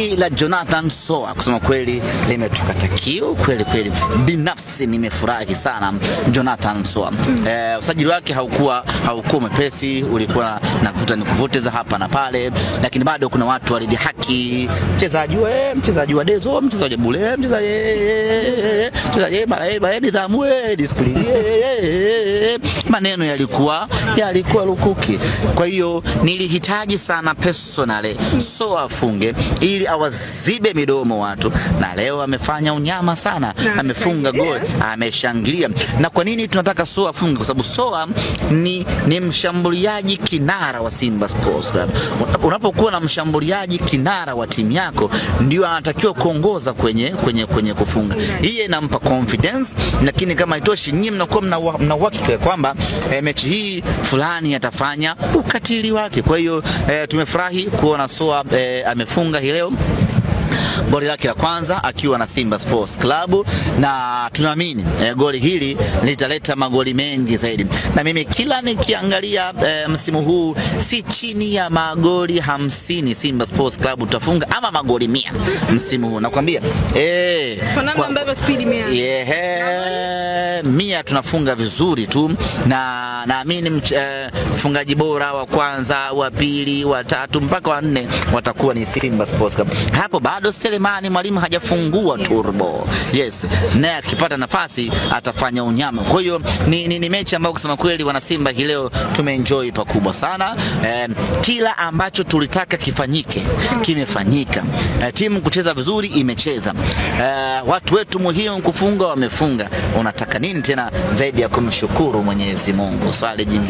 hili la Jonathan Soa kusema kweli limetukata kiu kweli kweli. Binafsi nimefurahi sana Jonathan Soa. Mm. Eh, usajili wake haukuwa haukuwa mepesi, ulikuwa na kuvuta ni kuvute za hapa na pale, lakini bado kuna watu walidi haki mchezaji we, mchezaji wa Dezo, mchezaji bure, mchezaji mchezaji mara mara nidhamu discipline maneno yalikuwa yalikuwa lukuki. Kwa hiyo nilihitaji sana personally Soa afunge ili awazibe midomo watu, na leo amefanya unyama sana, amefunga goli, ameshangilia. Na kwa nini tunataka Soa afunge? Kwa sababu Soa ni, ni mshambuliaji kinara wa Simba Sports Club. Unapokuwa na mshambuliaji kinara wa timu yako, ndio anatakiwa kuongoza kwenye, kwenye, kwenye kufunga. Hii inampa confidence, lakini kama itoshi, nyinyi mnakuwa mna uhakika kwamba eh, mechi hii fulani atafanya ukatili wake. Kwa hiyo eh, tumefurahi kuona Soa eh, amefunga hii leo goli lake la kwanza akiwa na Simba Sports Club, na tunaamini eh, goli hili litaleta magoli mengi zaidi, na mimi kila nikiangalia eh, msimu huu si chini ya magoli hamsini Simba Sports Club tutafunga ama magoli mia msimu huu nakwambia, eh, kwa namna ambavyo speed mia yeah, mia tunafunga vizuri tu, na naamini eh, mfungaji eh, bora wa kwanza wa pili wa tatu mpaka wa nne watakuwa ni Simba Sports Club. Hapo bado sele Selemani mwalimu hajafungua turbo. Yes, naye akipata nafasi atafanya unyama. Kwa hiyo ni, ni, ni mechi ambayo kusema kweli wana Simba hii leo tumeenjoy pakubwa sana eh, kila ambacho tulitaka kifanyike kimefanyika. Eh, timu kucheza vizuri imecheza. Eh, watu wetu muhimu kufunga wamefunga. Unataka nini tena zaidi ya kumshukuru Mwenyezi Mungu? Swali jingine